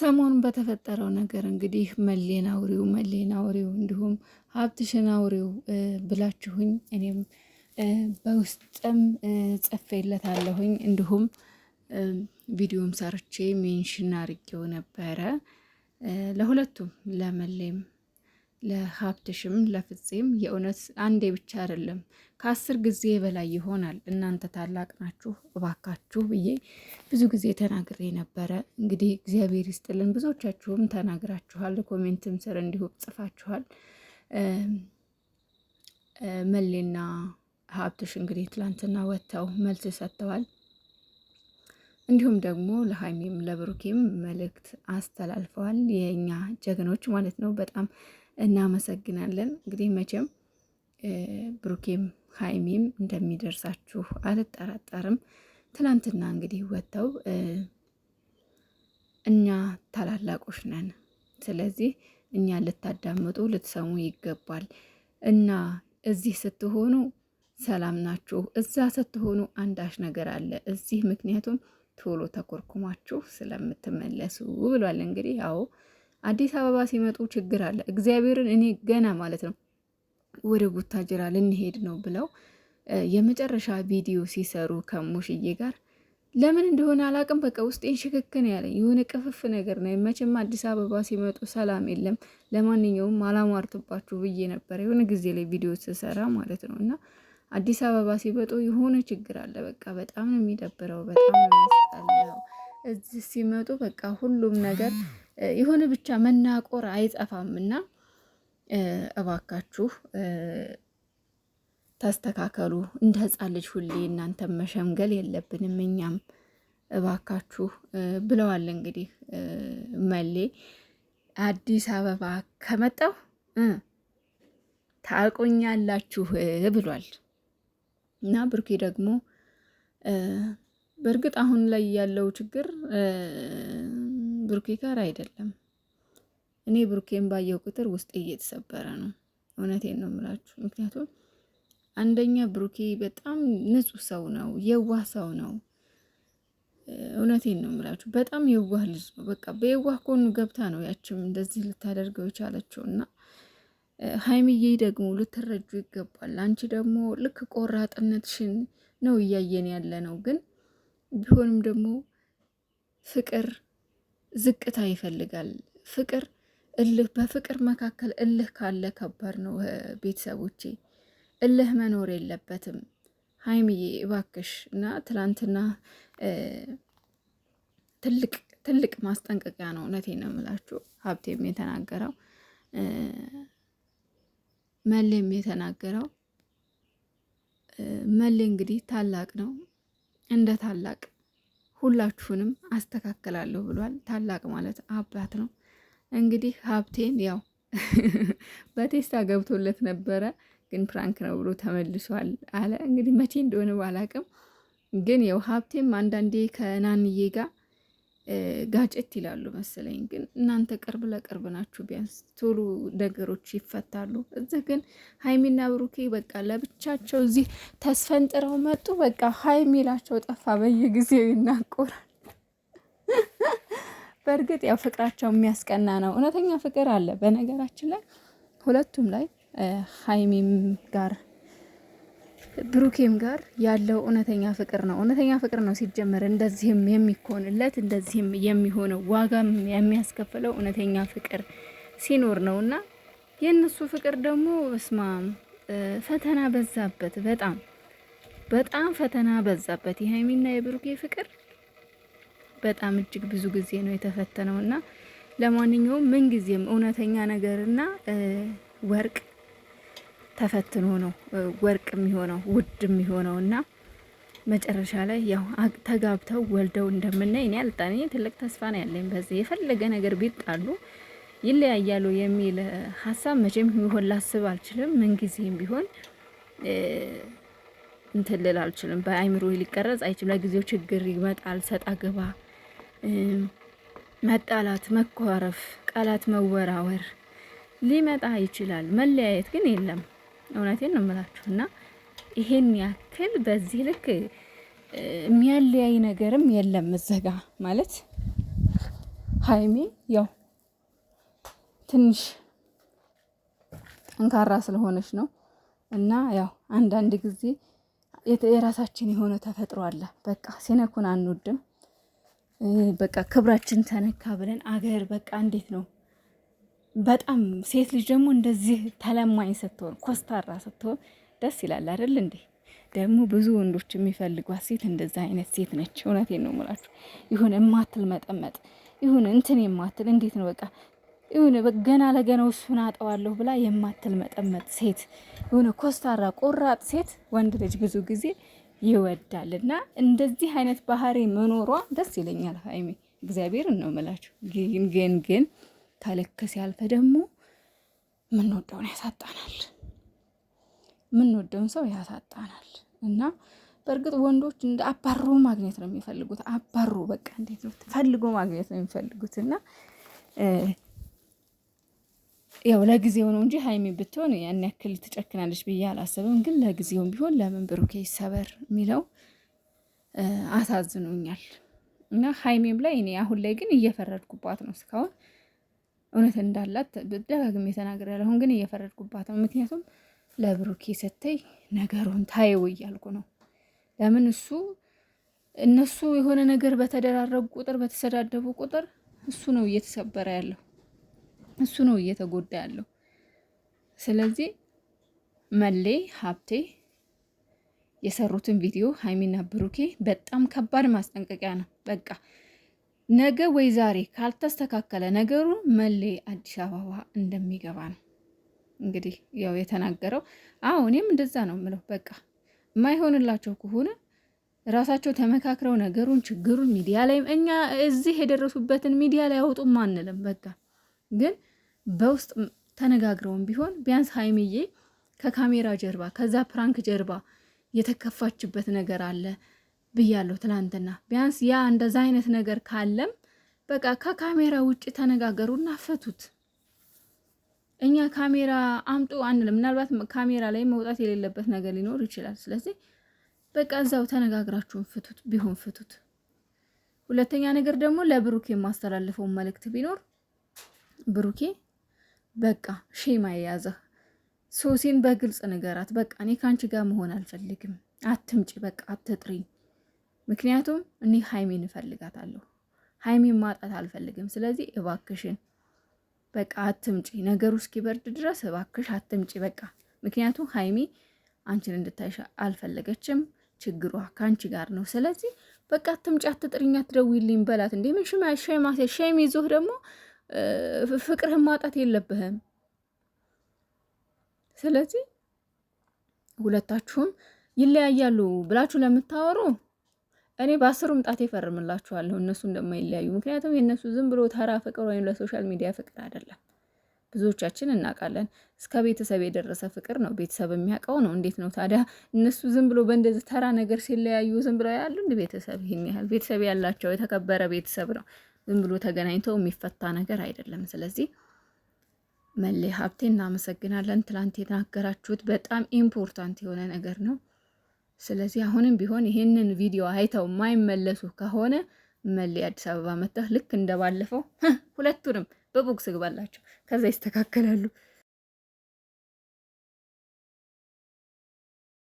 ሰሞኑን በተፈጠረው ነገር እንግዲህ መሌን አውሪው መሌን አውሪው እንዲሁም ሀብትሽን አውሪው ብላችሁኝ እኔም በውስጥም ጽፌለታለሁኝ እንዲሁም ቪዲዮም ሰርቼ ሜንሽን አርጌው ነበረ ለሁለቱም ለመሌም ለሀብትሽም ለፍፄም የእውነት አንዴ ብቻ አይደለም ከአስር ጊዜ በላይ ይሆናል። እናንተ ታላቅ ናችሁ፣ እባካችሁ ብዬ ብዙ ጊዜ ተናግሬ ነበረ። እንግዲህ እግዚአብሔር ይስጥልን። ብዙዎቻችሁም ተናግራችኋል፣ ኮሜንትም ስር እንዲሁ ጽፋችኋል። መሌና ሀብትሽ እንግዲህ ትላንትና ወጥተው መልስ ሰጥተዋል። እንዲሁም ደግሞ ለሀይሜም ለብሩኬም መልእክት አስተላልፈዋል። የእኛ ጀግኖች ማለት ነው በጣም እናመሰግናለን። እንግዲህ መቼም ብሩኬም ሀይሚም እንደሚደርሳችሁ አልጠራጠርም። ትናንትና እንግዲህ ወጥተው እኛ ታላላቆች ነን፣ ስለዚህ እኛ ልታዳምጡ ልትሰሙ ይገባል እና እዚህ ስትሆኑ ሰላም ናችሁ፣ እዛ ስትሆኑ አንዳች ነገር አለ እዚህ ምክንያቱም ቶሎ ተኮርኩማችሁ ስለምትመለሱ ብሏል። እንግዲህ ያው አዲስ አበባ ሲመጡ ችግር አለ። እግዚአብሔርን እኔ ገና ማለት ነው ወደ ቡታጅራ ልንሄድ ነው ብለው የመጨረሻ ቪዲዮ ሲሰሩ ከሙሽዬ ጋር ለምን እንደሆነ አላቅም። በቃ ውስጤን ሽክክን ያለኝ የሆነ ቅፍፍ ነገር ነው። መቼም አዲስ አበባ ሲመጡ ሰላም የለም። ለማንኛውም አላሟርትባችሁ ብዬ ነበር የሆነ ጊዜ ላይ ቪዲዮ ስሰራ ማለት ነው። እና አዲስ አበባ ሲመጡ የሆነ ችግር አለ። በቃ በጣም ነው የሚደብረው፣ በጣም ነው የሚያስጠላው። እዚህ ሲመጡ በቃ ሁሉም ነገር የሆነ ብቻ መናቆር አይጠፋም እና እባካችሁ ተስተካከሉ። እንደ ህፃን ልጅ ሁሌ እናንተ መሸምገል የለብንም እኛም እባካችሁ ብለዋል። እንግዲህ መሌ አዲስ አበባ ከመጣሁ ታርቆኛላችሁ ብሏል እና ብርኬ ደግሞ በእርግጥ አሁን ላይ ያለው ችግር ብሩኬ ጋር አይደለም። እኔ ብሩኬን ባየው ቁጥር ውስጥ እየተሰበረ ነው። እውነቴን ነው የምላችሁ። ምክንያቱም አንደኛ ብሩኬ በጣም ንጹህ ሰው ነው፣ የዋህ ሰው ነው። እውነቴን ነው የምላችሁ። በጣም የዋህ ልጅ ነው። በቃ በየዋህ ኮኑ ገብታ ነው ያችም እንደዚህ ልታደርገው የቻለችው እና ሀይሚዬ ደግሞ ልትረጁ ይገባል። አንቺ ደግሞ ልክ ቆራጥነትሽን ነው እያየን ያለ ነው። ግን ቢሆንም ደግሞ ፍቅር ዝቅታ ይፈልጋል። ፍቅር እልህ በፍቅር መካከል እልህ ካለ ከባድ ነው። ቤተሰቦቼ እልህ መኖር የለበትም። ሀይሚዬ እባክሽ እና ትላንትና ትልቅ ትልቅ ማስጠንቀቂያ ነው። እውነቴን ነው የምላችሁ። ሀብቴም የተናገረው መሌም የተናገረው መሌ እንግዲህ ታላቅ ነው እንደ ታላቅ ሁላችሁንም አስተካከላለሁ ብሏል። ታላቅ ማለት አባት ነው። እንግዲህ ሀብቴን ያው በቴስታ ገብቶለት ነበረ፣ ግን ፕራንክ ነው ብሎ ተመልሷል አለ። እንግዲህ መቼ እንደሆነ ባላቅም፣ ግን ያው ሀብቴም አንዳንዴ ከናንዬ ጋር ጋጨት ይላሉ መሰለኝ። ግን እናንተ ቅርብ ለቅርብ ናችሁ፣ ቢያንስ ቶሎ ነገሮች ይፈታሉ። እዚህ ግን ሀይሚና ብሩኬ በቃ ለብቻቸው እዚህ ተስፈንጥረው መጡ። በቃ ሀይሚላቸው ጠፋ። በየጊዜው ይናቆራል። በእርግጥ ያው ፍቅራቸው የሚያስቀና ነው። እውነተኛ ፍቅር አለ በነገራችን ላይ ሁለቱም ላይ ሀይሚም ጋር ብሩኬም ጋር ያለው እውነተኛ ፍቅር ነው። እውነተኛ ፍቅር ነው ሲጀመር እንደዚህም የሚኮንለት እንደዚህም የሚሆነው ዋጋም የሚያስከፍለው እውነተኛ ፍቅር ሲኖር ነው እና የእነሱ ፍቅር ደግሞ እስማ ፈተና በዛበት፣ በጣም በጣም ፈተና በዛበት። የሀይሚና የብሩኬ ፍቅር በጣም እጅግ ብዙ ጊዜ ነው የተፈተነው እና ለማንኛውም ምንጊዜም እውነተኛ ነገርና ወርቅ ተፈትኖ ነው ወርቅ የሚሆነው ውድ የሚሆነው እና መጨረሻ ላይ ያው ተጋብተው ወልደው እንደምናይ እኔ አልጣኔ ትልቅ ተስፋ ነው ያለኝ። በዚህ የፈለገ ነገር ቢጣሉ ይለያያሉ የሚል ሀሳብ መቼም ይሆን ላስብ አልችልም። ምንጊዜም ቢሆን እንትልል አልችልም። በአይምሮ ሊቀረጽ አይችልም። ለጊዜው ችግር ይመጣል፣ ሰጣ ገባ፣ መጣላት፣ መኮረፍ፣ ቃላት መወራወር ሊመጣ ይችላል። መለያየት ግን የለም። እውነቴን ነው የምላችሁ። እና ይሄን ያክል በዚህ ልክ የሚያለያይ ነገርም የለም እዚህ ማለት ሀይሜ ያው ትንሽ ጠንካራ ስለሆነች ነው እና ያው አንዳንድ ጊዜ የራሳችን የሆነ ተፈጥሮ አለ። በቃ ሲነኩን አንወድም። በቃ ክብራችን ተነካ ብለን አገር በቃ እንዴት ነው በጣም ሴት ልጅ ደግሞ እንደዚህ ተለማኝ ስትሆን ኮስታራ ስትሆን ደስ ይላል አይደል እንዴ? ደግሞ ብዙ ወንዶች የሚፈልጓት ሴት እንደዛ አይነት ሴት ነች። እውነቴን ነው የምላችሁ። ይሁን የማትል መጠመጥ ይሁን እንትን የማትል እንዴት ነው በቃ ይሁን ገና ለገና እሱን አጠዋለሁ ብላ የማትል መጠመጥ ሴት የሆነ ኮስታራ ቆራጥ ሴት ወንድ ልጅ ብዙ ጊዜ ይወዳል። እና እንደዚህ አይነት ባህሪ መኖሯ ደስ ይለኛል ሀይሜ፣ እግዚአብሔር ነው የምላችሁ ግን ግን ግን ከልክ ሲያልፍ ደግሞ ምንወደውን ያሳጣናል፣ ምንወደውን ሰው ያሳጣናል። እና በእርግጥ ወንዶች እንደ አባሮ ማግኘት ነው የሚፈልጉት። አባሮ በቃ እንዴት ነው ፈልጎ ማግኘት ነው የሚፈልጉት እና ያው ለጊዜው ነው እንጂ ሀይሚ ብትሆን ያን ያክል ትጨክናለች ብዬ አላስብም። ግን ለጊዜውም ቢሆን ለምን ብሩኬ ይሰበር የሚለው አሳዝኖኛል እና ሀይሜም ላይ እኔ አሁን ላይ ግን እየፈረድኩባት ነው እስካሁን እውነት እንዳላት ደጋግሜ ተናግሬያለሁ። አሁን ግን እየፈረድኩባት ነው። ምክንያቱም ለብሩኬ ስትይ ነገሩን ታየው እያልኩ ነው። ለምን እሱ እነሱ የሆነ ነገር በተደራረጉ ቁጥር በተሰዳደቡ ቁጥር እሱ ነው እየተሰበረ ያለው፣ እሱ ነው እየተጎዳ ያለው። ስለዚህ መሌ ሀብቴ የሰሩትን ቪዲዮ ሀይሚና ብሩኬ በጣም ከባድ ማስጠንቀቂያ ነው። በቃ ነገ ወይ ዛሬ ካልተስተካከለ ነገሩን መሌ አዲስ አበባ እንደሚገባ ነው እንግዲህ ያው የተናገረው። አዎ እኔም እንደዛ ነው የምለው። በቃ የማይሆንላቸው ከሆነ ራሳቸው ተመካክረው ነገሩን ችግሩን ሚዲያ ላይ እኛ እዚህ የደረሱበትን ሚዲያ ላይ አውጡም አንልም። በቃ ግን በውስጥ ተነጋግረውም ቢሆን ቢያንስ ሀይሚዬ ከካሜራ ጀርባ ከዛ ፕራንክ ጀርባ የተከፋችበት ነገር አለ ብያለሁ ትላንትና። ቢያንስ ያ እንደዛ አይነት ነገር ካለም በቃ ከካሜራ ውጭ እና ፍቱት እኛ ካሜራ አምጡ አንልም። ምናልባት ካሜራ ላይ መውጣት የሌለበት ነገር ሊኖር ይችላል። ስለዚህ በቃ እዛው ተነጋግራችሁን ፍቱት፣ ቢሆን ፍቱት። ሁለተኛ ነገር ደግሞ ለብሩኬ የማስተላልፈውን መልእክት ቢኖር ብሩኬ በቃ ሼማ የያዘህ ሶሲን በግልጽ ንገራት። በቃ እኔ ከአንቺ ጋር መሆን አልፈልግም፣ አትምጪ፣ በቃ አትጥሪኝ። ምክንያቱም እኔ ሀይሜን እፈልጋታለሁ። ሀይሜን ማጣት አልፈልግም። ስለዚህ እባክሽን በቃ አትምጪ፣ ነገሩ እስኪበርድ ድረስ እባክሽ አትምጪ በቃ። ምክንያቱም ሀይሜ አንቺን እንድታይሽ አልፈለገችም። ችግሯ ከአንቺ ጋር ነው። ስለዚህ በቃ አትምጪ፣ አትጥሪኝ፣ አትደውይልኝ በላት። እንዴ ምን ሽማ ሸማ ሸም ይዞህ ደግሞ ፍቅርህን ማጣት የለብህም። ስለዚህ ሁለታችሁም ይለያያሉ ብላችሁ ለምታወሩ እኔ በአስሩ ምጣት ፈርምላችኋለሁ እነሱ እንደማይለያዩ። ምክንያቱም የእነሱ ዝም ብሎ ተራ ፍቅር ወይም ለሶሻል ሚዲያ ፍቅር አይደለም። ብዙዎቻችን እናውቃለን። እስከ ቤተሰብ የደረሰ ፍቅር ነው። ቤተሰብ የሚያውቀው ነው። እንዴት ነው ታዲያ እነሱ ዝም ብሎ በእንደዚህ ተራ ነገር ሲለያዩ ዝም ብለው ያሉ? እንደ ቤተሰብ ይህን ያህል ቤተሰብ ያላቸው የተከበረ ቤተሰብ ነው። ዝም ብሎ ተገናኝተው የሚፈታ ነገር አይደለም። ስለዚህ መሌ ሀብቴ እናመሰግናለን። ትላንት የተናገራችሁት በጣም ኢምፖርታንት የሆነ ነገር ነው። ስለዚህ አሁንም ቢሆን ይህንን ቪዲዮ አይተው የማይመለሱ ከሆነ መሌ አዲስ አበባ መጥተህ ልክ እንደባለፈው ሁለቱንም በቦክስ ግባላቸው፣ ከዛ ይስተካከላሉ።